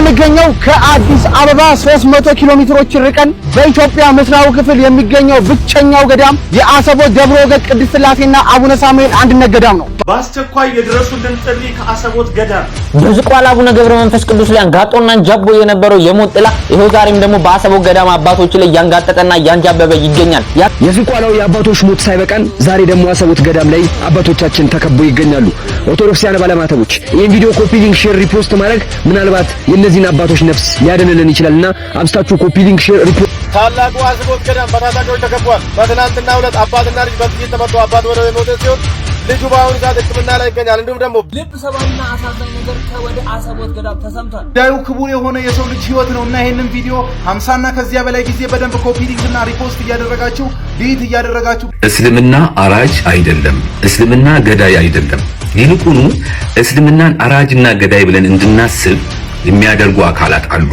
የምንገኘው ከአዲስ አበባ 300 ኪሎ ሜትሮች ርቀን በኢትዮጵያ ምስራቁ ክፍል የሚገኘው ብቸኛው ገዳም የአሰቦ ደብረ ወገግ ቅድስት ሥላሴና አቡነ ሳሙኤል አንድነት ገዳም ነው። በአስቸኳይ የድረሱልን ጥሪ ከአሰቦት ገዳም የዝቋላ አቡነ ገብረ መንፈስ ቅዱስ ላይ አንጋጦና አንጃቦ የነበረው የሞት ጥላ ይሄው ዛሬም ደግሞ በአሰቦት ገዳም አባቶች ላይ ያንጋጠጠና ያንጃበበ ይገኛል። የዝቋላው የአባቶች ሞት ሳይበቃን ዛሬ ደግሞ አሰቦት ገዳም ላይ አባቶቻችን ተከቦ ይገኛሉ። ኦርቶዶክሳውያን ባለማተቦች ይህን ቪዲዮ ኮፒ ሊንክ፣ ሼር፣ ሪፖስት ማድረግ ምናልባት የእነዚህን አባቶች ነፍስ ሊያድንልን ይችላልና አብስታችሁ ኮፒ ሊንክ፣ ሼር፣ ሪፖስት ታላቁ አስቦት ገዳም በታጣቂዎች ተከቧል። በትናንትና ሁለት አባትና ልጅ በጥይት ተመቶ አባት ወደ የሞተ ሲሆን ልጁ በአሁኑ ሰዓት ሕክምና ላይ ይገኛል። እንዲሁም ደግሞ ልብ ሰባዊና አሳዛኝ ነገር ከወደ አሰቦት ገዳም ተሰምቷል። ጉዳዩ ክቡር የሆነ የሰው ልጅ ህይወት ነው እና ይህንን ቪዲዮ ሀምሳና ከዚያ በላይ ጊዜ በደንብ ኮፒ ሊንክና ሪፖስት እያደረጋችሁ ዲት እያደረጋችሁ እስልምና አራጅ አይደለም፣ እስልምና ገዳይ አይደለም። ይልቁኑ እስልምናን አራጅና ገዳይ ብለን እንድናስብ የሚያደርጉ አካላት አሉ።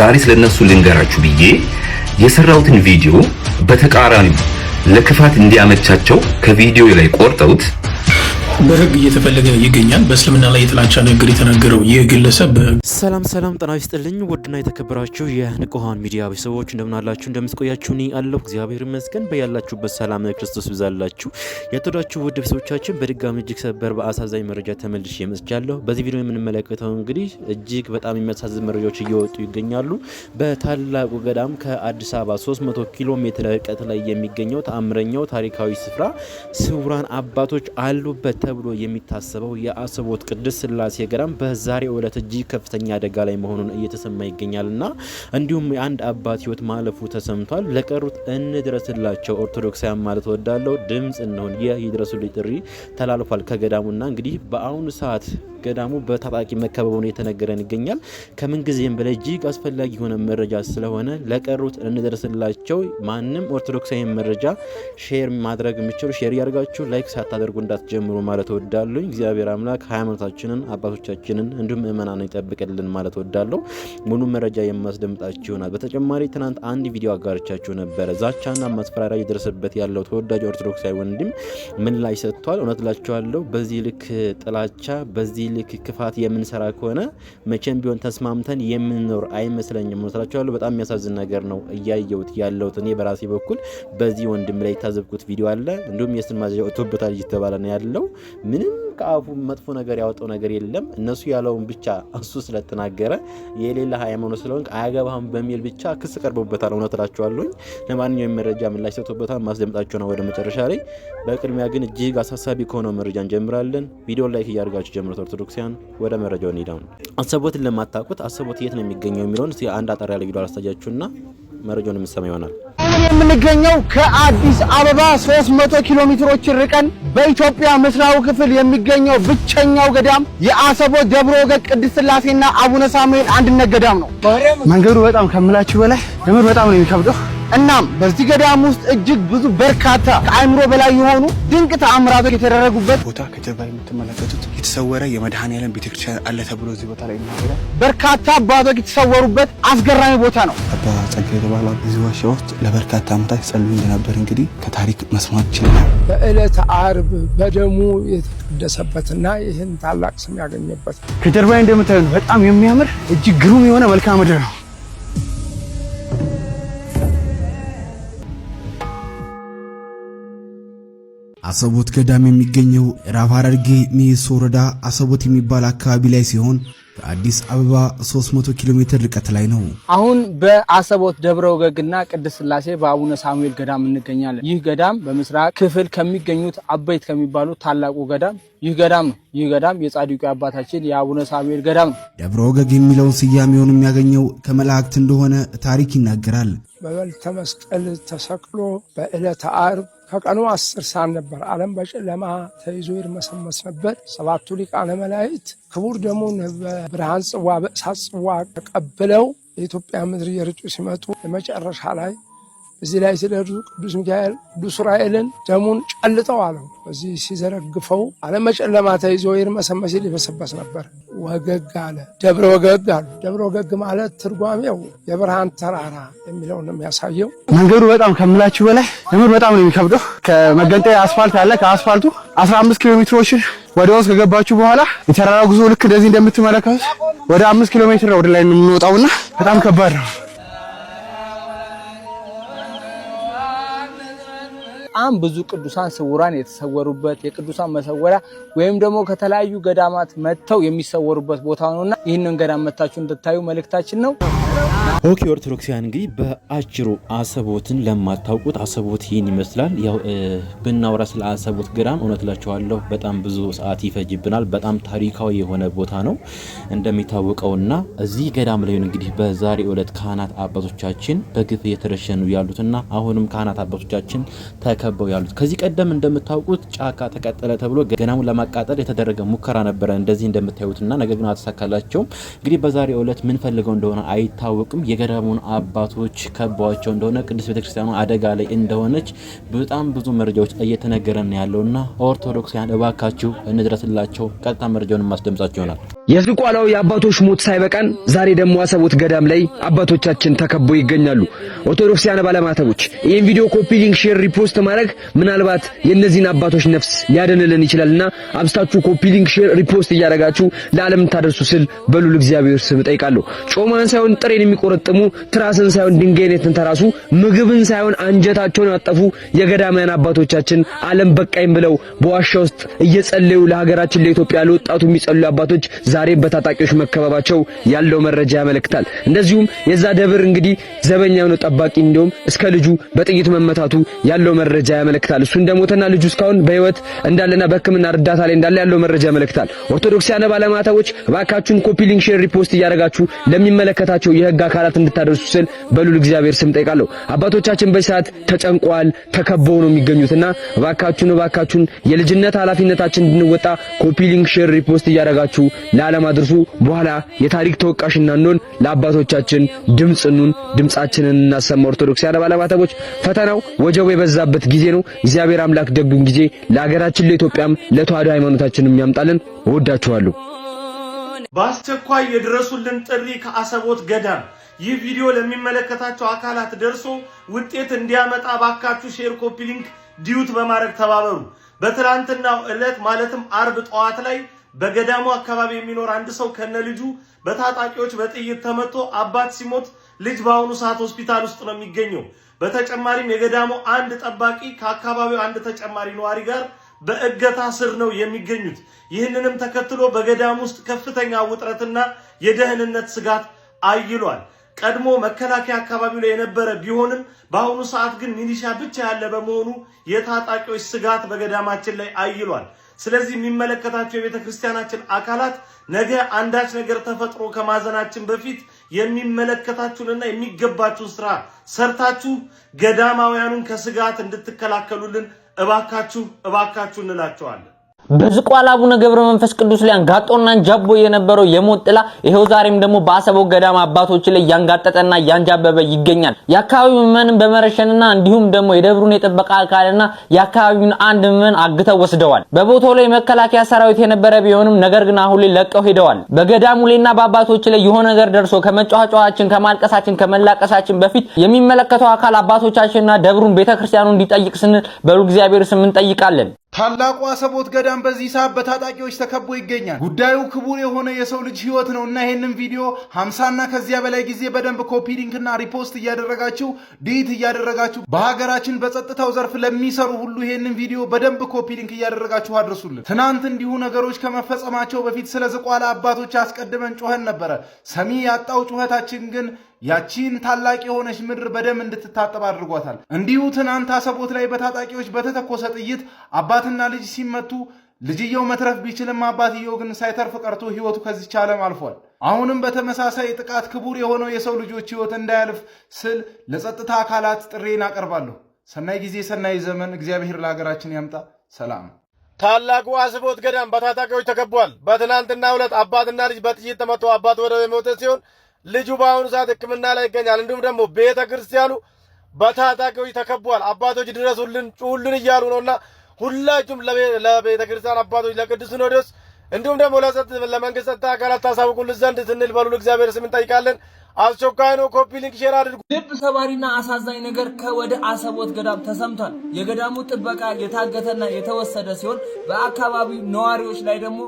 ዛሬ ስለነሱ ልንገራችሁ ብዬ የሰራሁትን ቪዲዮ በተቃራኒው ለክፋት እንዲያመቻቸው ከቪዲዮ ላይ ቆርጠውት በህግ እየተፈለገ ይገኛል። በእስልምና ላይ የጥላቻ ንግግር የተናገረው ይህ ግለሰብ ሰላም ሰላም፣ ጤና ይስጥልኝ ውድና የተከበራችሁ የንቁሃን ሚዲያ ቤተሰቦች እንደምናላችሁ፣ እንደምትቆያችሁ እኔ አለሁ እግዚአብሔር ይመስገን። በያላችሁበት ሰላም ክርስቶስ ብዛላችሁ። የተወዳችሁ ውድ ቤተሰቦቻችን በድጋሚ እጅግ ሰበር በአሳዛኝ መረጃ ተመልሼ መጥቻለሁ። በዚህ ቪዲዮ የምንመለከተው እንግዲህ እጅግ በጣም የሚያሳዝን መረጃዎች እየወጡ ይገኛሉ። በታላቁ ገዳም ከአዲስ አበባ 300 ኪሎ ሜትር ርቀት ላይ የሚገኘው ተአምረኛው ታሪካዊ ስፍራ ስውራን አባቶች አሉበት ተብሎ የሚታሰበው የአስቦት ቅዱስ ስላሴ ገዳም በዛሬው ዕለት እጅግ ከፍተኛ አደጋ ላይ መሆኑን እየተሰማ ይገኛል እና እንዲሁም የአንድ አባት ህይወት ማለፉ ተሰምቷል። ለቀሩት እንድረስላቸው ኦርቶዶክሳውያን ማለት ወዳለው ድምፅ እንሆን። ይህ ይድረሱልኝ ጥሪ ተላልፏል ከገዳሙና እንግዲህ በአሁኑ ሰዓት ገዳሙ በታጣቂ መከበቡን የተነገረን ይገኛል። ከምን ጊዜም በላይ እጅግ አስፈላጊ የሆነ መረጃ ስለሆነ ለቀሩት እንደደርስላቸው ማንም ኦርቶዶክሳዊ መረጃ ሼር ማድረግ የሚችሉ ሼር እያደርጋችሁ ላይክ ሳታደርጉ እንዳትጀምሩ ማለት ወዳለሁ። እግዚአብሔር አምላክ ሃይማኖታችንን አባቶቻችንን እንዲሁም ምእመናን ይጠብቅልን ማለት ወዳለሁ። ሙሉ መረጃ የማስደምጣችሁ ይሆናል። በተጨማሪ ትናንት አንድ ቪዲዮ አጋርቻችሁ ነበረ። ዛቻና ማስፈራሪያ የደረሰበት ያለው ተወዳጅ ኦርቶዶክሳዊ ወንድም ላይ ሰጥቷል። እውነት ላችኋለሁ። በዚህ ልክ ጥላቻ በዚህ ልክ ክፋት የምንሰራ ከሆነ መቼም ቢሆን ተስማምተን የምንኖር አይመስለኝም። መስላችኋለሁ። በጣም የሚያሳዝን ነገር ነው እያየሁት ያለሁት እኔ በራሴ በኩል በዚህ ወንድም ላይ የታዘብኩት ቪዲዮ አለ። እንዲሁም የስን ማዘዣ ኦቶበታል እየተባለ ነው ያለው ምንም ከአፉ መጥፎ ነገር ያወጣው ነገር የለም። እነሱ ያለውን ብቻ እሱ ስለተናገረ የሌላ ሃይማኖት ስለሆን አያገባህም በሚል ብቻ ክስ ቀርቦበታል። እውነት እላቸዋለሁኝ። ለማንኛውም መረጃ ምላሽ ሰጥቶበታል። ማስደምጣቸው ነው ወደ መጨረሻ ላይ። በቅድሚያ ግን እጅግ አሳሳቢ ከሆነው መረጃ እንጀምራለን። ቪዲዮን ላይክ እያደርጋችሁ ጀምረት ኦርቶዶክሲያን። ወደ መረጃው እንሄዳለን። አሰቦትን ለማታውቁት አሰቦት የት ነው የሚገኘው የሚለውን አንድ አጠር ያለ ቪዲዮ አላስታያችሁና መረጃውን የምሰማ ይሆናል። የምንገኘው ከአዲስ አበባ 300 ኪሎ ሜትሮች ርቀን በኢትዮጵያ ምስራቁ ክፍል የሚገኘው ብቸኛው ገዳም የአሰቦ ደብረ ወገግ ቅድስት ስላሴና አቡነ ሳሙኤል አንድነት ገዳም ነው። መንገዱ በጣም ከምላችሁ በላይ የምር በጣም ነው የሚከብደው። እናም በዚህ ገዳም ውስጥ እጅግ ብዙ በርካታ ከአእምሮ በላይ የሆኑ ድንቅ ተአምራቶች የተደረጉበት ቦታ ከጀርባ የምትመለከቱት የተሰወረ የመድኃኔዓለም ቤተክርስቲያን አለ ተብሎ እዚህ ቦታ ላይ ይናገራል። በርካታ አባቶች የተሰወሩበት አስገራሚ ቦታ ነው። አባ ጸጋ የተባለ እዚህ ዋሻ ውስጥ ለበርካታ ዓመታት ይጸልዩ እንደነበር እንግዲህ ከታሪክ መስማት ችለናል። በዕለተ ዓርብ በደሙ የተቀደሰበትና ይህን ታላቅ ስም ያገኘበት ከጀርባ እንደምታዩ በጣም የሚያምር እጅግ ግሩም የሆነ መልክዓ ምድር ነው። አሰቦት ገዳም የሚገኘው ምዕራብ ሐረርጌ ሚኤሶ ወረዳ አሰቦት የሚባል አካባቢ ላይ ሲሆን ከአዲስ አበባ 300 ኪሎ ሜትር ርቀት ላይ ነው። አሁን በአሰቦት ደብረ ወገግና ቅድስት ስላሴ በአቡነ ሳሙኤል ገዳም እንገኛለን። ይህ ገዳም በምስራቅ ክፍል ከሚገኙት አበይት ከሚባሉ ታላቁ ገዳም ይህ ገዳም ነው። ይህ ገዳም የጻድቁ አባታችን የአቡነ ሳሙኤል ገዳም ነው። ደብረ ወገግ የሚለውን ስያሜውን የሚያገኘው ከመላእክት እንደሆነ ታሪክ ይናገራል። በበልተ መስቀል ተሰቅሎ በዕለተ አርብ ከቀኑ አስር ሰዓት ነበር። ዓለም በጨለማ ተይዞ ይርመሰመስ ነበር። ሰባቱ ሊቃነ መላእክት ክቡር ደሙን በብርሃን ጽዋ በእሳት ጽዋ ተቀብለው የኢትዮጵያ ምድር እየርጩ ሲመጡ የመጨረሻ ላይ እዚህ ላይ ሲደርሱ ቅዱስ ሚካኤል ቅዱስ ዑራኤልን ደሙን ጨልጠው አለው። በዚህ ሲዘረግፈው ዓለም በጨለማ ተይዞ ይርመሰመስ ሊበሰበስ ነበር። ወገግ አለ። ደብረ ወገግ አሉ። ደብረ ወገግ ማለት ትርጓሜው የብርሃን ተራራ የሚለው ነው የሚያሳየው። መንገዱ በጣም ከምላችሁ በላይ የምር በጣም ነው የሚከብደው። ከመገንጠያ አስፋልት አለ። ከአስፋልቱ 15 ኪሎ ሜትሮችን ወደ ውስጥ ከገባችሁ በኋላ የተራራ ጉዞ ልክ እንደዚህ እንደምትመለከቱት ወደ አምስት ኪሎ ሜትር ወደ ላይ የምንወጣውና በጣም ከባድ ነው። በጣም ብዙ ቅዱሳን ስውራን የተሰወሩበት የቅዱሳን መሰወሪያ ወይም ደግሞ ከተለያዩ ገዳማት መጥተው የሚሰወሩበት ቦታ ነውና ይህንን ገዳም መታችሁ እንድታዩ መልእክታችን ነው። ኦኬ ኦርቶዶክሳውያን እንግዲህ በአጭሩ አሰቦትን ለማታውቁት አሰቦት ይህን ይመስላል። ያው ብናወራ ስለ አሰቦት ገዳም እውነት ላችኋለሁ በጣም ብዙ ሰዓት ይፈጅብናል። በጣም ታሪካዊ የሆነ ቦታ ነው እንደሚታወቀውና እዚህ ገዳም ላይ እንግዲህ በዛሬ ዕለት ካህናት አባቶቻችን በግፍ እየተረሸኑ ያሉትና አሁንም ካህናት አባቶቻችን ተከበው ያሉት ከዚህ ቀደም እንደምታውቁት ጫካ ተቀጠለ ተብሎ ገዳሙን ለማቃጠል የተደረገ ሙከራ ነበረ እንደዚህ እንደምታዩትና ነገር ግን አልተሳካላቸውም። እንግዲህ በዛሬ ዕለት ምን ፈልገው እንደሆነ አይታወቅም። የገዳሙን አባቶች ከቧቸው እንደሆነ ቅዱስ ቤተክርስቲያኑ አደጋ ላይ እንደሆነች በጣም ብዙ መረጃዎች እየተነገረን ያለውና ኦርቶዶክሳውያን እባካችሁ እንድረስላቸው ቀጥታ መረጃውን የማስደምጻቸው ይሆናል። የዝቋላው የአባቶች ሞት ሳይበቃን ዛሬ ደግሞ አሰቦት ገዳም ላይ አባቶቻችን ተከበው ይገኛሉ። ኦርቶዶክሳውያን ባለማተቦች ይህን ቪዲዮ ኮፒ፣ ሊንክ፣ ሼር፣ ሪፖስት ማድረግ ምናልባት የእነዚህን አባቶች ነፍስ ሊያደንልን ይችላልና አብስታችሁ ኮፒ፣ ሊንክ፣ ሼር፣ ሪፖስት እያደረጋችሁ ለዓለም ታደርሱ ስል በሉል እግዚአብሔር ስም እጠይቃለሁ። ጮማን ሳይሆን ጥሬን የሚቆረጥሙ ትራስን ሳይሆን ድንጋይነትን ተራሱ ምግብን ሳይሆን አንጀታቸውን ያጠፉ የገዳማያን አባቶቻችን ዓለም በቃኝ ብለው በዋሻ ውስጥ እየጸለዩ ለሀገራችን ለኢትዮጵያ ለወጣቱ የሚጸልዩ አባቶች ዛሬ በታጣቂዎች መከበባቸው ያለው መረጃ ያመለክታል። እንደዚሁም የዛ ደብር እንግዲህ ዘበኛ የሆነው ጠባቂ እንዲሁም እስከ ልጁ በጥይት መመታቱ ያለው መረጃ ያመለክታል። እሱ እንደሞተና ልጁ እስካሁን በህይወት እንዳለና በሕክምና እርዳታ ላይ እንዳለ ያለው መረጃ ያመለክታል። ኦርቶዶክሳውያን ባለማታዎች እባካችሁን ኮፒ ሊንክ፣ ሼር፣ ሪፖስት እያደረጋችሁ ለሚመለከታቸው የህግ አካላት እንድታደርሱ ስል በሉል እግዚአብሔር ስም ጠይቃለሁ። አባቶቻችን በዚህ ሰዓት ተከበው ነው የሚገኙትና እባካችሁን እባካችሁን የልጅነት ኃላፊነታችን እንድንወጣ ኮፒ ሊንክ፣ ሼር፣ ሪፖስት እያደረጋችሁ ለዓለም አድርሱ። በኋላ የታሪክ ተወቃሽ እናንሆን፣ ለአባቶቻችን ድምጽ እንሁን፣ ድምጻችንን እናሰማ። ኦርቶዶክሳውያን ባለማተቦች፣ ፈተናው ወጀቡ የበዛበት ጊዜ ነው። እግዚአብሔር አምላክ ደጉን ጊዜ ለሀገራችን ለኢትዮጵያም ለተዋዶ ሃይማኖታችን የሚያምጣልን። እወዳችኋለሁ። በአስቸኳይ የድረሱልን ጥሪ ከአሰቦት ገዳም ይህ ቪዲዮ ለሚመለከታቸው አካላት ደርሶ ውጤት እንዲያመጣ ባካችሁ ሼር፣ ኮፒ ሊንክ፣ ዲዩት በማድረግ ተባበሩ። በትላንትናው ዕለት ማለትም አርብ ጠዋት ላይ በገዳሙ አካባቢ የሚኖር አንድ ሰው ከነ ልጁ በታጣቂዎች በጥይት ተመቶ አባት ሲሞት ልጅ በአሁኑ ሰዓት ሆስፒታል ውስጥ ነው የሚገኘው። በተጨማሪም የገዳሙ አንድ ጠባቂ ከአካባቢው አንድ ተጨማሪ ነዋሪ ጋር በእገታ ስር ነው የሚገኙት። ይህንንም ተከትሎ በገዳሙ ውስጥ ከፍተኛ ውጥረትና የደህንነት ስጋት አይሏል። ቀድሞ መከላከያ አካባቢው ላይ የነበረ ቢሆንም በአሁኑ ሰዓት ግን ሚሊሻ ብቻ ያለ በመሆኑ የታጣቂዎች ስጋት በገዳማችን ላይ አይሏል። ስለዚህ የሚመለከታቸው የቤተ ክርስቲያናችን አካላት ነገ አንዳች ነገር ተፈጥሮ ከማዘናችን በፊት የሚመለከታችሁንና የሚገባችሁን ስራ ሰርታችሁ ገዳማውያኑን ከስጋት እንድትከላከሉልን እባካችሁ እባካችሁ እንላቸዋለን። በዝቋላ አቡነ ገብረ መንፈስ ቅዱስ ላይ አንጋጦና አንጃቦ የነበረው የሞት ጥላ ይሄው ዛሬም ደግሞ በአሰቦ ገዳም አባቶች ላይ ያንጋጠጠና ያንጃበበ ይገኛል። የአካባቢው ምዕመንን በመረሸንና እንዲሁም ደግሞ የደብሩን የጥበቃ አካልና የአካባቢውን አንድ ምዕመን አግተው ወስደዋል። በቦታው ላይ መከላከያ ሰራዊት የነበረ ቢሆንም ነገር ግን አሁን ላይ ለቀው ሄደዋል። በገዳሙ ላይና በአባቶች ላይ የሆነ ነገር ደርሶ ከመጫጫዋችን፣ ከማልቀሳችን፣ ከመላቀሳችን በፊት የሚመለከተው አካል አባቶቻችንና ደብሩን ቤተክርስቲያኑ እንዲጠይቅ ስንል በሉ እግዚአብሔር ስም እንጠይቃለን። ታላቁ አሰቦት ገዳም በዚህ ሰዓት በታጣቂዎች ተከቦ ይገኛል። ጉዳዩ ክቡር የሆነ የሰው ልጅ ሕይወት ነው እና ይህንን ቪዲዮ ሀምሳና ከዚያ በላይ ጊዜ በደንብ ኮፒ ሊንክና ሪፖስት እያደረጋችሁ ዲት እያደረጋችሁ በሀገራችን በጸጥታው ዘርፍ ለሚሰሩ ሁሉ ይህንን ቪዲዮ በደንብ ኮፒ ሊንክ እያደረጋችሁ አድርሱልን። ትናንት እንዲሁ ነገሮች ከመፈጸማቸው በፊት ስለ ዝቋላ አባቶች አስቀድመን ጮኸን ነበረ። ሰሚ ያጣው ጩኸታችን ግን ያቺን ታላቅ የሆነች ምድር በደም እንድትታጠብ አድርጓታል። እንዲሁ ትናንት አሰቦት ላይ በታጣቂዎች በተተኮሰ ጥይት አባትና ልጅ ሲመቱ ልጅየው መትረፍ ቢችልም አባትየው ግን ሳይተርፍ ቀርቶ ሕይወቱ ከዚች ዓለም አልፏል። አሁንም በተመሳሳይ ጥቃት ክቡር የሆነው የሰው ልጆች ሕይወት እንዳያልፍ ስል ለጸጥታ አካላት ጥሬን አቀርባለሁ። ሰናይ ጊዜ፣ ሰናይ ዘመን እግዚአብሔር ለሀገራችን ያምጣ። ሰላም። ታላቁ አስቦት ገዳም በታጣቂዎች ተከቧል። በትናንትና ዕለት አባትና ልጅ በጥይት ተመቶ አባት ወደ የሞተ ሲሆን ልጁ በአሁኑ ሰዓት ሕክምና ላይ ይገኛል። እንዲሁም ደግሞ ቤተ ክርስቲያኑ በታጣቂዎች ተከቧል። አባቶች ድረሱልን፣ ጩሁልን እያሉ ነው እና ሁላችሁም ለቤተ ክርስቲያን አባቶች፣ ለቅዱስ ሲኖዶስ እንዲሁም ደግሞ ለመንግስት ጸጥታ አካላት ታሳውቁልን ዘንድ ስንል በሉን እግዚአብሔር ስም እንጠይቃለን። አስቸኳይ ነው። ኮፒ ሊንክ ሼር አድርጉ። ልብ ሰባሪና አሳዛኝ ነገር ከወደ አሰቦት ገዳም ተሰምቷል። የገዳሙ ጥበቃ የታገተና የተወሰደ ሲሆን በአካባቢው ነዋሪዎች ላይ ደግሞ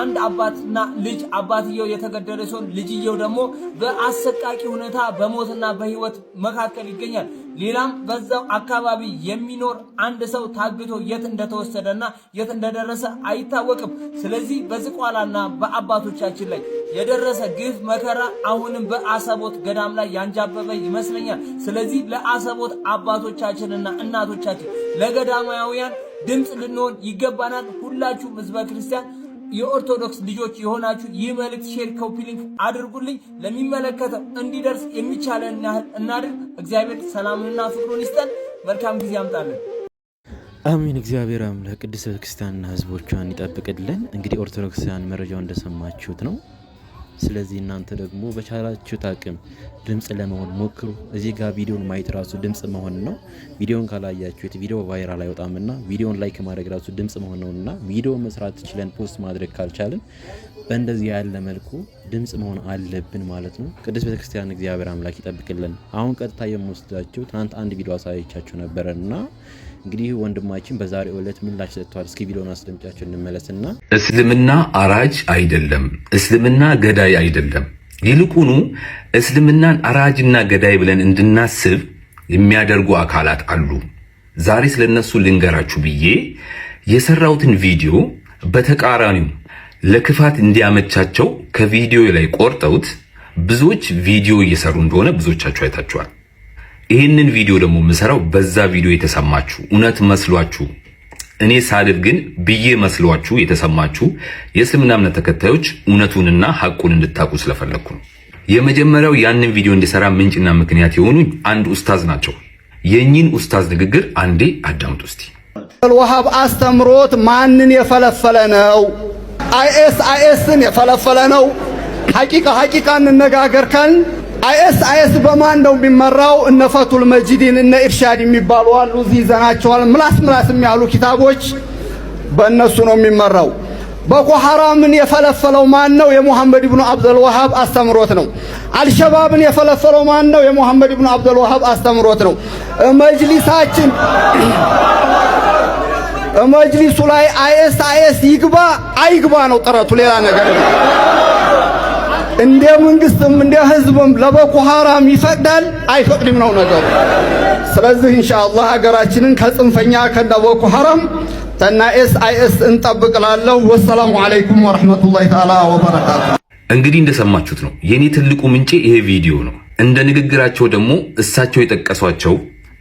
አንድ አባትና ልጅ አባትየው የተገደለ ሲሆን ልጅየው ደግሞ በአሰቃቂ ሁኔታ በሞትና በሕይወት መካከል ይገኛል። ሌላም በዛው አካባቢ የሚኖር አንድ ሰው ታግቶ የት እንደተወሰደና የት እንደደረሰ አይታወቅም። ስለዚህ በዝቋላና በአባቶቻችን ላይ የደረሰ ግፍ መከራ አሁንም በአሰቦት ገዳም ላይ ያንጃበበ ይመስለኛል። ስለዚህ ለአሰቦት አባቶቻችንና እናቶቻችን ለገዳማውያን ድምፅ ልንሆን ይገባናል። ሁላችሁም ህዝበ ክርስቲያን የኦርቶዶክስ ልጆች የሆናችሁ ይህ መልእክት ሼር ኮፒሊንግ አድርጉልኝ፣ ለሚመለከተው እንዲደርስ የሚቻለን ያህል እናድርግ። እግዚአብሔር ሰላምንና ፍቅሩን ይስጠን። መልካም ጊዜ አምጣለን። አሚን። እግዚአብሔር አምላክ ቅድስት ቤተክርስቲያንና ሕዝቦቿን ይጠብቅልን። እንግዲህ ኦርቶዶክሳውያን መረጃው እንደሰማችሁት ነው። ስለዚህ እናንተ ደግሞ በቻላችሁት አቅም ድምፅ ለመሆን ሞክሩ። እዚህ ጋር ቪዲዮን ማየት ራሱ ድምፅ መሆን ነው። ቪዲዮን ካላያችሁት ቪዲዮ ቫይራል አይወጣምና ቪዲዮን ላይክ ማድረግ ራሱ ድምፅ መሆን ነውና ቪዲዮ መስራት ችለን ፖስት ማድረግ ካልቻልን በእንደዚህ ያለ መልኩ ድምፅ መሆን አለብን ማለት ነው። ቅዱስ ቤተክርስቲያን እግዚአብሔር አምላክ ይጠብቅልን። አሁን ቀጥታ የምወስዳቸው ትናንት አንድ ቪዲዮ አሳየቻቸው ነበረ እና እንግዲህ ወንድማችን በዛሬው ዕለት ምላሽ ሰጥተዋል። እስኪ ቪዲዮን አስደምጫቸው እንመለስና እስልምና አራጅ አይደለም፣ እስልምና ገዳይ አይደለም። ይልቁኑ እስልምናን አራጅና ገዳይ ብለን እንድናስብ የሚያደርጉ አካላት አሉ። ዛሬ ስለነሱ ልንገራችሁ ብዬ የሰራሁትን ቪዲዮ በተቃራኒው ለክፋት እንዲያመቻቸው ከቪዲዮ ላይ ቆርጠውት ብዙዎች ቪዲዮ እየሰሩ እንደሆነ ብዙዎቻችሁ አይታችኋል። ይህንን ቪዲዮ ደግሞ የምሰራው በዛ ቪዲዮ የተሰማችሁ እውነት መስሏችሁ እኔ ሳልል ግን ብዬ መስሏችሁ የተሰማችሁ የእስልምና እምነት ተከታዮች እውነቱንና ሐቁን እንድታውቁ ስለፈለግኩ ነው። የመጀመሪያው ያንን ቪዲዮ እንዲሰራ ምንጭና ምክንያት የሆኑ አንድ ኡስታዝ ናቸው። የእኚህን ኡስታዝ ንግግር አንዴ አዳምጡ እስቲ። አልዋሃብ አስተምሮት ማንን የፈለፈለ ነው? አይኤስ አይኤስን የፈለፈለ ነው። ሐቂቃ ሐቂቃ እንነጋገር ካልን አይኤስ አይኤስ በማን ነው የሚመራው? እነ ፈቱል መጂዲን እነ ኢርሻድ የሚባሉ አሉ። እዚህ ይዘናቸዋል። ምላስ ምላስ የሚያሉ ኪታቦች በእነሱ ነው የሚመራው። ቦኮ ሐራምን የፈለፈለው ማን ነው? የሙሐመድ ብኑ አብዱል ወሃብ አስተምሮት ነው። አልሸባብን የፈለፈለው ማን ነው? የሙሐመድ ብኑ አብዱል ወሃብ አስተምሮት ነው። መጅሊሳችን መጅሊሱ ላይ አይኤስ አይኤስ ይግባ አይግባ ነው ጥረቱ። ሌላ ነገር እንደ መንግስትም እንደ ህዝብም ለቦኮ ሐራም ይፈቅዳል አይፈቅድም ነው ነገሩ። ስለዚህ ኢንሻአላህ ሀገራችንን ከጽንፈኛ ከቦኮ ሐራም ተና ኤስ አይኤስ እንጠብቅላለሁ። ወሰላሙ አለይኩም ወራህመቱላሂ ተዓላ ወበረካቱ። እንግዲህ እንደሰማችሁት ነው የኔ ትልቁ ምንጭ ይሄ ቪዲዮ ነው። እንደ ንግግራቸው ደግሞ እሳቸው የጠቀሷቸው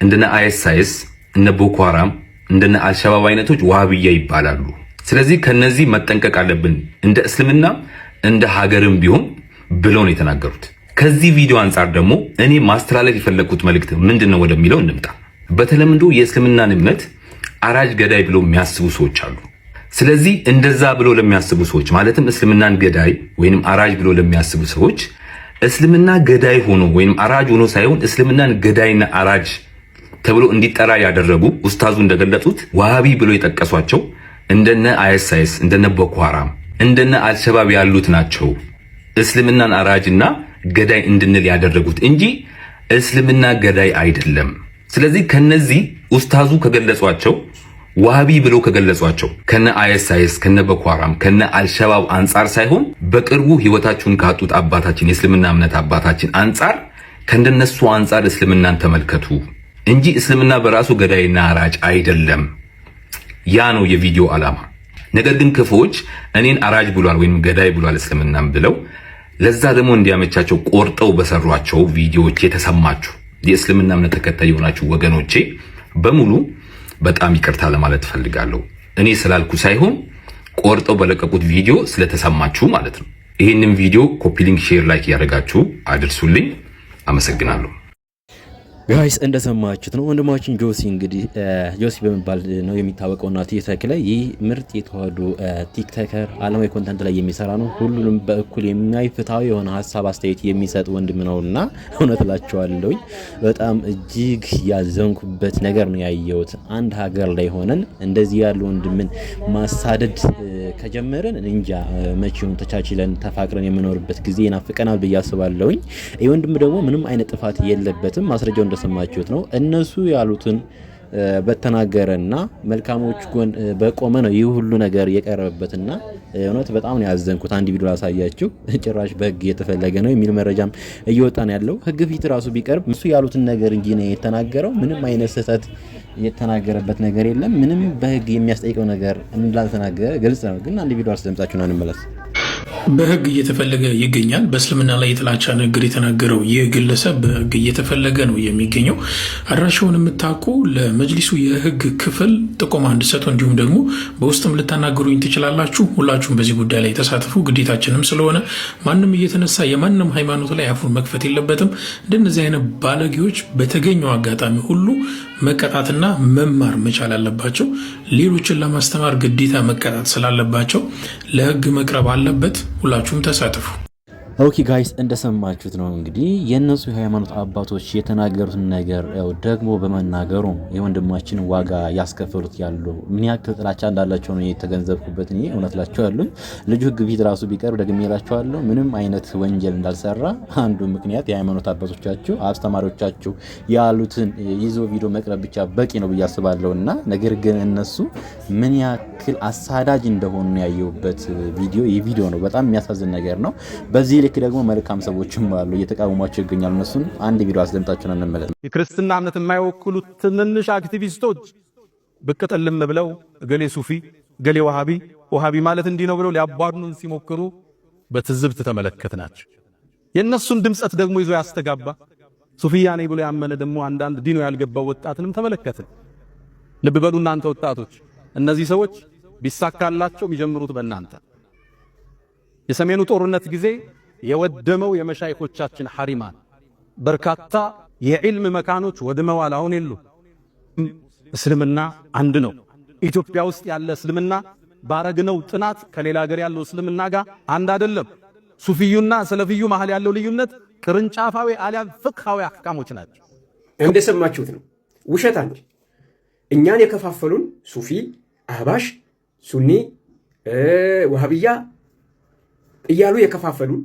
እንደነ አይኤስ አይኤስ እነ ቦኮ ሐራም እንደነ አልሸባብ አይነቶች ዋብያ ይባላሉ። ስለዚህ ከነዚህ መጠንቀቅ አለብን እንደ እስልምና እንደ ሀገርም ቢሆን ብለው ነው የተናገሩት። ከዚህ ቪዲዮ አንጻር ደግሞ እኔ ማስተላለፍ የፈለግኩት መልእክት ምንድን ነው ወደሚለው እንምጣ። በተለምዶ የእስልምናን እምነት አራጅ ገዳይ ብሎ የሚያስቡ ሰዎች አሉ። ስለዚህ እንደዛ ብሎ ለሚያስቡ ሰዎች ማለትም እስልምናን ገዳይ ወይም አራጅ ብሎ ለሚያስቡ ሰዎች እስልምና ገዳይ ሆኖ ወይም አራጅ ሆኖ ሳይሆን እስልምናን ገዳይና አራጅ ተብሎ እንዲጠራ ያደረጉ ኡስታዙ እንደገለጹት ዋሃቢ ብሎ የጠቀሷቸው እንደነ አይኤስአይኤስ እንደነ ቦኮ ሃራም እንደነ አልሸባብ ያሉት ናቸው እስልምናን አራጅና ገዳይ እንድንል ያደረጉት እንጂ እስልምና ገዳይ አይደለም። ስለዚህ ከነዚህ ኡስታዙ ከገለጿቸው ዋሃቢ ብሎ ከገለጿቸው ከነ አይኤስአይኤስ ከነ ቦኮ ሃራም ከነ አልሸባብ አንጻር ሳይሆን በቅርቡ ህይወታችሁን ካጡት አባታችን የእስልምና እምነት አባታችን አንጻር ከእንደነሱ አንጻር እስልምናን ተመልከቱ። እንጂ እስልምና በራሱ ገዳይና አራጭ አይደለም። ያ ነው የቪዲዮ ዓላማ። ነገር ግን ክፉዎች እኔን አራጅ ብሏል ወይም ገዳይ ብሏል እስልምናም ብለው ለዛ ደግሞ እንዲያመቻቸው ቆርጠው በሰሯቸው ቪዲዮዎች የተሰማችሁ የእስልምና እምነት ተከታይ የሆናችሁ ወገኖቼ በሙሉ በጣም ይቅርታ ለማለት ፈልጋለሁ። እኔ ስላልኩ ሳይሆን ቆርጠው በለቀቁት ቪዲዮ ስለተሰማችሁ ማለት ነው። ይህንም ቪዲዮ ኮፒሊንግ፣ ሼር፣ ላይክ እያደረጋችሁ አድርሱልኝ። አመሰግናለሁ። ጋይስ እንደሰማችሁት ነው ወንድማችን ጆሲ እንግዲህ ጆሲ በመባል ነው የሚታወቀው እና ቲክታክ ላይ ይህ ምርጥ የተዋህዶ ቲክታከር አለማዊ ኮንተንት ላይ የሚሰራ ነው። ሁሉንም በእኩል የሚያይፍታዊ የሆነ ሀሳብ አስተያየት የሚሰጥ ወንድም ነው እና እውነት ላቸዋለሁኝ በጣም እጅግ ያዘንኩበት ነገር ነው ያየሁት። አንድ ሀገር ላይ ሆነን እንደዚህ ያለ ወንድምን ማሳደድ ከጀመርን እንጃ መቼውን ተቻችለን ተፋቅረን የምኖርበት ጊዜ ናፍቀናል ብዬ አስባለሁኝ። ይህ ወንድም ደግሞ ምንም አይነት ጥፋት የለበትም ማስረጃውን እንደሰማችሁት ነው። እነሱ ያሉትን በተናገረና መልካሞች ጎን በቆመ ነው ይህ ሁሉ ነገር የቀረበበትና እውነት በጣም ነው ያዘንኩት። አንድ ቪዲዮ ላሳያችሁ። ጭራሽ በህግ የተፈለገ ነው የሚል መረጃም እየወጣ ነው ያለው። ህግ ፊት ራሱ ቢቀርብ እሱ ያሉትን ነገር እንጂ ነው የተናገረው። ምንም አይነት ስህተት የተናገረበት ነገር የለም። ምንም በህግ የሚያስጠይቀው ነገር እንዳልተናገረ ግልጽ ነው። ግን አንድ ቪዲዮ አስደምጣችሁና እንመለስ። በህግ እየተፈለገ ይገኛል። በእስልምና ላይ የጥላቻ ንግግር የተናገረው ይህ ግለሰብ በህግ እየተፈለገ ነው የሚገኘው። አድራሻውን የምታውቁ ለመጅሊሱ የህግ ክፍል ጥቆማ እንድሰጡ እንዲሁም ደግሞ በውስጥም ልታናገሩኝ ትችላላችሁ። ሁላችሁም በዚህ ጉዳይ ላይ ተሳትፉ፣ ግዴታችንም ስለሆነ ማንም እየተነሳ የማንም ሃይማኖት ላይ አፉን መክፈት የለበትም። እንደነዚህ አይነት ባለጌዎች በተገኘው አጋጣሚ ሁሉ መቀጣትና መማር መቻል አለባቸው። ሌሎችን ለማስተማር ግዴታ መቀጣት ስላለባቸው ለህግ መቅረብ አለበት። ሁላችሁም ተሳትፉ። ኦኬ ጋይስ እንደሰማችሁት ነው እንግዲህ የእነሱ የሃይማኖት አባቶች የተናገሩትን ነገር ያው ደግሞ በመናገሩ የወንድማችን ዋጋ ያስከፈሉት ያሉ ምን ያክል ጥላቻ እንዳላቸው ነው የተገንዘብኩበት። እኔ እውነት ላቸዋለሁ ልጁ ህግ ፊት ራሱ ቢቀርብ ደግሜ ላቸዋለሁ ምንም አይነት ወንጀል እንዳልሰራ አንዱ ምክንያት የሃይማኖት አባቶቻችሁ አስተማሪዎቻችሁ ያሉትን ይዞ ቪዲዮ መቅረብ ብቻ በቂ ነው ብዬ አስባለሁ። እና ነገር ግን እነሱ ምን ያክል አሳዳጅ እንደሆኑ ያየሁበት ቪዲዮ ይህ ቪዲዮ ነው። በጣም የሚያሳዝን ነገር ነው በዚህ ልክ ደግሞ መልካም ሰዎችም አሉ እየተቃወሟቸው ይገኛሉ። እነሱን አንድ ቪዲዮ አስደምጣቸውን እንመለስ። የክርስትና እምነት የማይወክሉ ትንንሽ አክቲቪስቶች ብቅ ጥልም ብለው እገሌ ሱፊ፣ እገሌ ዋሃቢ፣ ውሃቢ ማለት እንዲህ ነው ብለው ሊያቧድኑን ሲሞክሩ በትዝብት ናቸው። የእነሱን ድምፀት ደግሞ ይዞ ያስተጋባ ሱፊያ ነኝ ብሎ ያመነ ደግሞ አንዳንድ ዲኖ ያልገባው ወጣትንም ተመለከትን። ልብ በሉ እናንተ ወጣቶች፣ እነዚህ ሰዎች ቢሳካላቸው የሚጀምሩት በእናንተ የሰሜኑ ጦርነት ጊዜ የወደመው የመሻይኮቻችን ሐሪማን በርካታ የዕልም መካኖች ወድመዋል። አሁን የሉ። እስልምና አንድ ነው። ኢትዮጵያ ውስጥ ያለ እስልምና ባረግነው ጥናት ከሌላ ሀገር ያለው እስልምና ጋር አንድ አይደለም። ሱፊዩና ሰለፊዩ መሃል ያለው ልዩነት ቅርንጫፋዊ አሊያም ፍቅሃዊ አህካሞች ናቸው። እንደሰማችሁት ነው። ውሸት አንድ እኛን የከፋፈሉን ሱፊ፣ አህባሽ፣ ሱኒ፣ ወሃብያ እያሉ የከፋፈሉን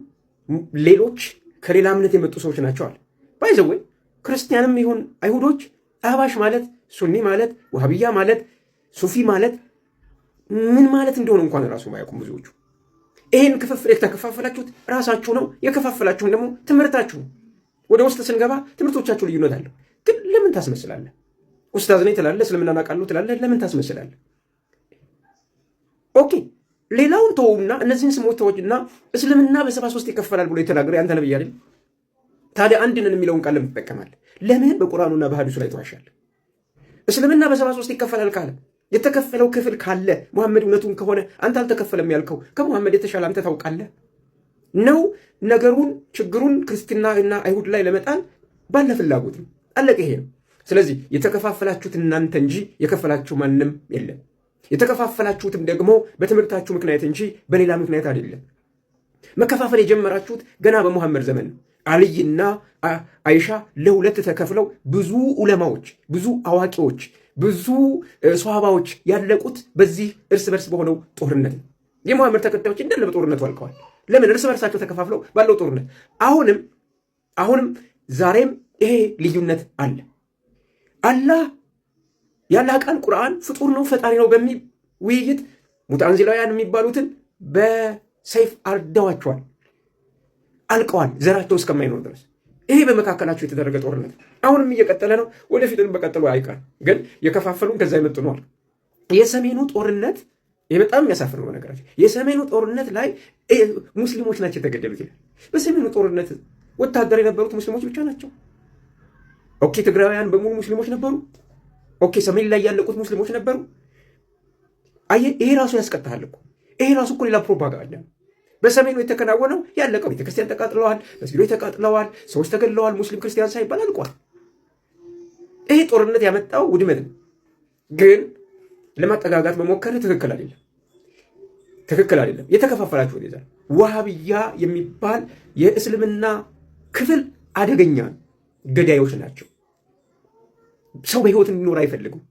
ሌሎች ከሌላ እምነት የመጡ ሰዎች ናቸዋል። ባይዘወይ ክርስቲያንም ይሁን አይሁዶች አህባሽ ማለት ሱኒ ማለት ዋህብያ ማለት ሱፊ ማለት ምን ማለት እንደሆነ እንኳን ራሱ ባያውቁም ብዙዎቹ ይህን ክፍፍል የተከፋፈላችሁት ራሳችሁ ነው። የከፋፈላችሁን ደግሞ ትምህርታችሁ። ወደ ውስጥ ስንገባ ትምህርቶቻችሁ ልዩነት አለ። ግን ለምን ታስመስላለህ? ኡስታዝ ነኝ ትላለህ፣ እስልምና አውቃለሁ ትላለህ። ለምን ታስመስላለህ? ኦኬ ሌላውን ተውና እነዚህን ስሞች እስልምና በሰባ ሶስት ይከፈላል ብሎ የተናገረ ያንተ ነብይ አይደል? ታዲያ አንድንን የሚለውን ቃል ለምን ትጠቀማለህ? ለምን በቁርአኑና በሀዲሱ ላይ ተዋሻል? እስልምና በሰባ ሶስት ይከፈላል ካለ የተከፈለው ክፍል ካለ መሐመድ እውነቱን ከሆነ አንተ አልተከፈለም ያልከው ከመሐመድ የተሻለ አንተ ታውቃለህ ነው ነገሩን ችግሩን ክርስትናና አይሁድ ላይ ለመጣል ባለ ፍላጎት ነው። አለቀ። ይሄ ነው። ስለዚህ የተከፋፈላችሁት እናንተ እንጂ የከፈላችሁ ማንም የለም። የተከፋፈላችሁትም ደግሞ በትምህርታችሁ ምክንያት እንጂ በሌላ ምክንያት አይደለም። መከፋፈል የጀመራችሁት ገና በሙሐመድ ዘመን ነው። አልይና አይሻ ለሁለት ተከፍለው ብዙ ዑለማዎች፣ ብዙ አዋቂዎች፣ ብዙ ሶሃባዎች ያለቁት በዚህ እርስ በርስ በሆነው ጦርነት ነው። የሙሐመድ ተከታዮች እንዳለ በጦርነቱ አልቀዋል። ለምን? እርስ በርሳቸው ተከፋፍለው ባለው ጦርነት። አሁንም አሁንም ዛሬም ይሄ ልዩነት አለ። አላህ ያላህ ቃል ቁርአን ፍጡር ነው ፈጣሪ ነው በሚል ውይይት ሙታንዚላውያን የሚባሉትን በሰይፍ አርደዋቸዋል። አልቀዋል፣ ዘራቸው እስከማይኖር ድረስ። ይሄ በመካከላቸው የተደረገ ጦርነት አሁንም እየቀጠለ ነው፣ ወደፊትን በቀጠሉ አይቀር። ግን የከፋፈሉን ከዛ የመጡ ነዋል። የሰሜኑ ጦርነት ይህ በጣም የሚያሳፍር ነው። ነገራቸው የሰሜኑ ጦርነት ላይ ሙስሊሞች ናቸው የተገደሉት ይላል። በሰሜኑ ጦርነት ወታደር የነበሩት ሙስሊሞች ብቻ ናቸው። ኦኬ ትግራውያን በሙሉ ሙስሊሞች ነበሩ። ኦኬ ሰሜን ላይ ያለቁት ሙስሊሞች ነበሩ። አየ ይሄ ራሱ ያስቀጣሃል እኮ ይሄ ራሱ እኮ ሌላ ፕሮፓጋንዳ ነው። በሰሜኑ የተከናወነው ያለቀው ቤተክርስቲያን ተቃጥለዋል፣ መስጊዶች ተቃጥለዋል፣ ሰዎች ተገድለዋል፣ ሙስሊም ክርስቲያን ሳይባል አልቋል። ይሄ ጦርነት ያመጣው ውድመት ነው። ግን ለማጠጋጋት መሞከር ትክክል አይደለም፣ ትክክል አይደለም። የተከፋፈላችሁ ወደዛ ዋሃብያ የሚባል የእስልምና ክፍል አደገኛ ገዳዮች ናቸው። ሰው በህይወት እንዲኖር አይፈልጉም።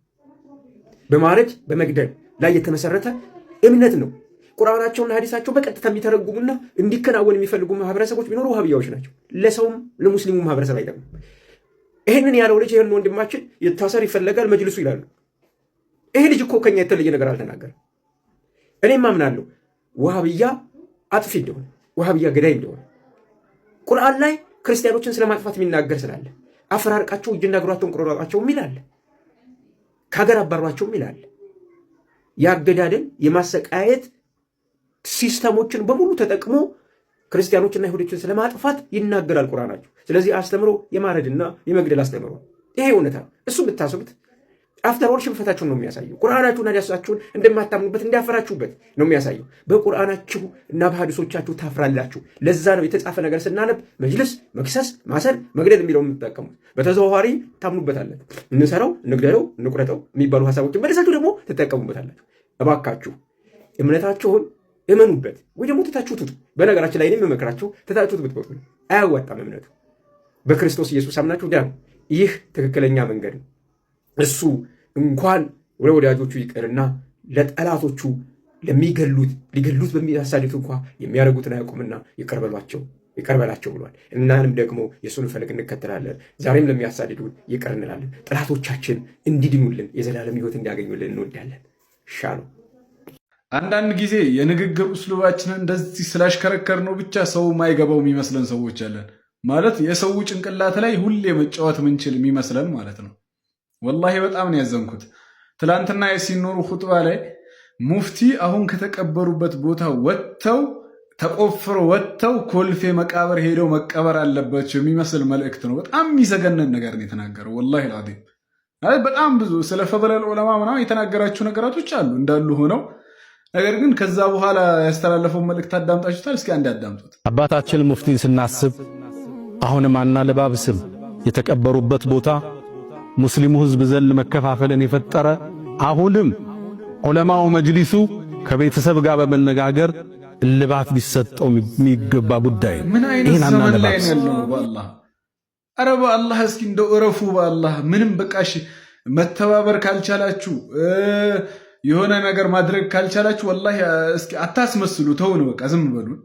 በማረድ በመግደል ላይ የተመሰረተ እምነት ነው። ቁርአናቸውና ሀዲሳቸው በቀጥታ የሚተረጉሙና እንዲከናወን የሚፈልጉ ማህበረሰቦች ቢኖሩ ውሃብያዎች ናቸው። ለሰውም ለሙስሊሙ ማህበረሰብ አይጠቅሙም። ይህንን ያለው ልጅ ይህን ወንድማችን የታሰር ይፈለጋል መጅልሱ ይላሉ። ይሄ ልጅ እኮ ከኛ የተለየ ነገር አልተናገርም። እኔም አምናለሁ ውሃብያ አጥፊ እንደሆነ ውሃብያ ገዳይ እንደሆነ ቁርአን ላይ ክርስቲያኖችን ስለማጥፋት የሚናገር ስላለ አፈራርቃቸው እጅና እግሯቸውን ቁረጧቸውም ይላል። ከሀገር አባሯቸውም ይላል። የአገዳደል የማሰቃየት ሲስተሞችን በሙሉ ተጠቅሞ ክርስቲያኖችና ይሁዶችን ስለማጥፋት ይናገራል ቁራናቸው። ስለዚህ አስተምሮ የማረድና የመግደል አስተምሮ ይሄ እውነታ እሱ ብታስቡት አፍተርኦል ሽንፈታችሁን ነው የሚያሳየው። ቁርአናችሁን አዲያሳችሁን እንደማታምኑበት እንዲያፈራችሁበት ነው የሚያሳየው። በቁርአናችሁ እና በሀዲሶቻችሁ ታፍራላችሁ። ለዛ ነው የተጻፈ ነገር ስናነብ መጅልስ፣ መክሰስ፣ ማሰር፣ መግደል የሚለው የምትጠቀሙት። በተዘዋዋሪ ታምኑበታለን። እንሰራው፣ እንግደለው፣ እንቁረጠው የሚባሉ ሀሳቦችን በደሳችሁ ደግሞ ትጠቀሙበታላችሁ። እባካችሁ እምነታችሁን እመኑበት ወይ ደግሞ ትታችሁ ውጡ። በነገራችን ላይ የምመክራችሁ ትታችሁ ትታችሁት ብትወጡ አያዋጣም። እምነቱ በክርስቶስ ኢየሱስ አምናችሁ ዳ ይህ ትክክለኛ መንገድ ነው እሱ እንኳን ለወዳጆቹ ይቅርና ለጠላቶቹ ለሚገሉት ሊገሉት በሚያሳድዱት እንኳ የሚያደርጉትን አያውቁምና ይቀርበሏቸው ይቀርበላቸው ብሏል። እናንም ደግሞ የእሱን ፈለግ እንከተላለን። ዛሬም ለሚያሳድዱን ይቅር እንላለን። እንዲድኑልን የዘላለም ሕይወት እንዲያገኙልን እንወዳለን። ነው። አንዳንድ ጊዜ የንግግር ስሉባችንን እንደዚህ ስላሽከረከር ነው ብቻ ሰው ማይገባው የሚመስለን ሰዎች አለን። ማለት የሰው ጭንቅላት ላይ ሁሌ መጫወት ምንችል የሚመስለን ማለት ነው። ወላሂ በጣም ነው ያዘንኩት። ትላንትና የሲኖሩ ሁጥባ ላይ ሙፍቲ አሁን ከተቀበሩበት ቦታ ወጥተው ተቆፍሮ ወጥተው ኮልፌ መቃብር ሄደው መቀበር አለባቸው የሚመስል መልእክት ነው። በጣም የሚዘገነን ነገር ነው የተናገረው። ወላሂ ላዚም በጣም ብዙ ስለ ፈለል ዑለማ ምናምን የተናገራቸው ነገራቶች አሉ እንዳሉ ሆነው ነገር ግን ከዛ በኋላ ያስተላለፈውን መልእክት አዳምጣችሁታል። እስኪ አንድ አዳምጡት። አባታችን ሙፍቲን ስናስብ አሁንም አና ለባብስም የተቀበሩበት ቦታ ሙስሊሙ ህዝብ ዘንድ መከፋፈልን የፈጠረ አሁንም ዑለማው መጅሊሱ ከቤተሰብ ጋር በመነጋገር እልባት ሊሰጠው የሚገባ ጉዳይ። ነው። በአላህ እስኪ እንደው እረፉ በአላህ ምንም በቃሽ። መተባበር ካልቻላችሁ የሆነ ነገር ማድረግ ካልቻላችሁ ወላሂ እስኪ አታስመስሉ፣ ተውን፣ በቃ ዝም በሉን።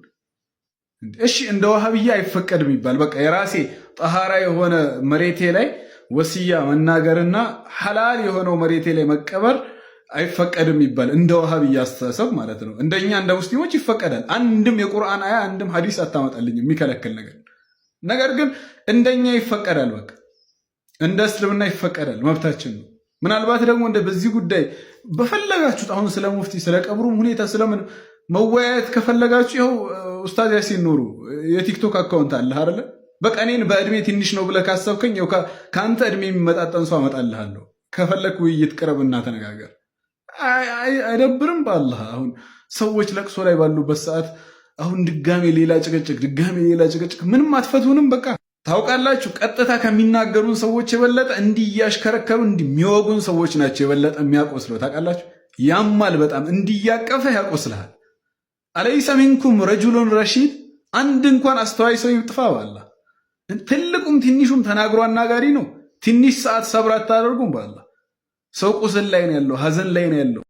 እሺ እንደ ዋሃብያ አይፈቀድም ይባል በቃ የራሴ ጠሃራ የሆነ መሬቴ ላይ ወሲያ መናገርና ሐላል የሆነው መሬቴ ላይ መቀበር አይፈቀድም ይባል እንደ ዋሃብ እያስተሳሰብ ማለት ነው። እንደኛ እንደ ሙስሊሞች ይፈቀዳል። አንድም የቁርአን አያ አንድም ሀዲስ አታመጣልኝ የሚከለክል ነገር። ነገር ግን እንደኛ ይፈቀዳል፣ በቃ እንደ እስልምና ይፈቀዳል፣ መብታችን ነው። ምናልባት ደግሞ እንደ በዚህ ጉዳይ በፈለጋችሁት አሁን ስለ ሙፍቲ ስለ ቀብሩም ሁኔታ ስለምን መወያየት ከፈለጋችሁ ይኸው ኡስታዝ ያሲን ኑሩ የቲክቶክ አካውንት አለ አይደለ? በቃ እኔን በእድሜ ትንሽ ነው ብለህ ካሰብከኝ ከአንተ እድሜ የሚመጣጠን ሰው አመጣልሃለሁ። ከፈለግ ውይይት ቅረብና ተነጋገር። አይደብርም? ባለህ አሁን ሰዎች ለቅሶ ላይ ባሉበት ሰዓት አሁን ድጋሜ ሌላ ጭቅጭቅ፣ ድጋሜ ሌላ ጭቅጭቅ፣ ምንም አትፈቱንም። በቃ ታውቃላችሁ፣ ቀጥታ ከሚናገሩን ሰዎች የበለጠ እንዲህ እያሽከረከሩ የሚወጉን ሰዎች ናቸው የበለጠ የሚያቆስለው። ታውቃላችሁ፣ ያማል በጣም እንዲያቀፈ ያቆስልሃል። አለይሰ ሚንኩም ረጁሉን ረሺድ፣ አንድ እንኳን አስተዋይ ሰው ይጥፋ ባላ ትልቁም ትንሹም ተናግሮ አናጋሪ ነው። ትንሽ ሰዓት ሰብር አታደርጉም። ባላ ሰው ቁስል ላይ ነው ያለው፣ ሀዘን ላይ ነው ያለው።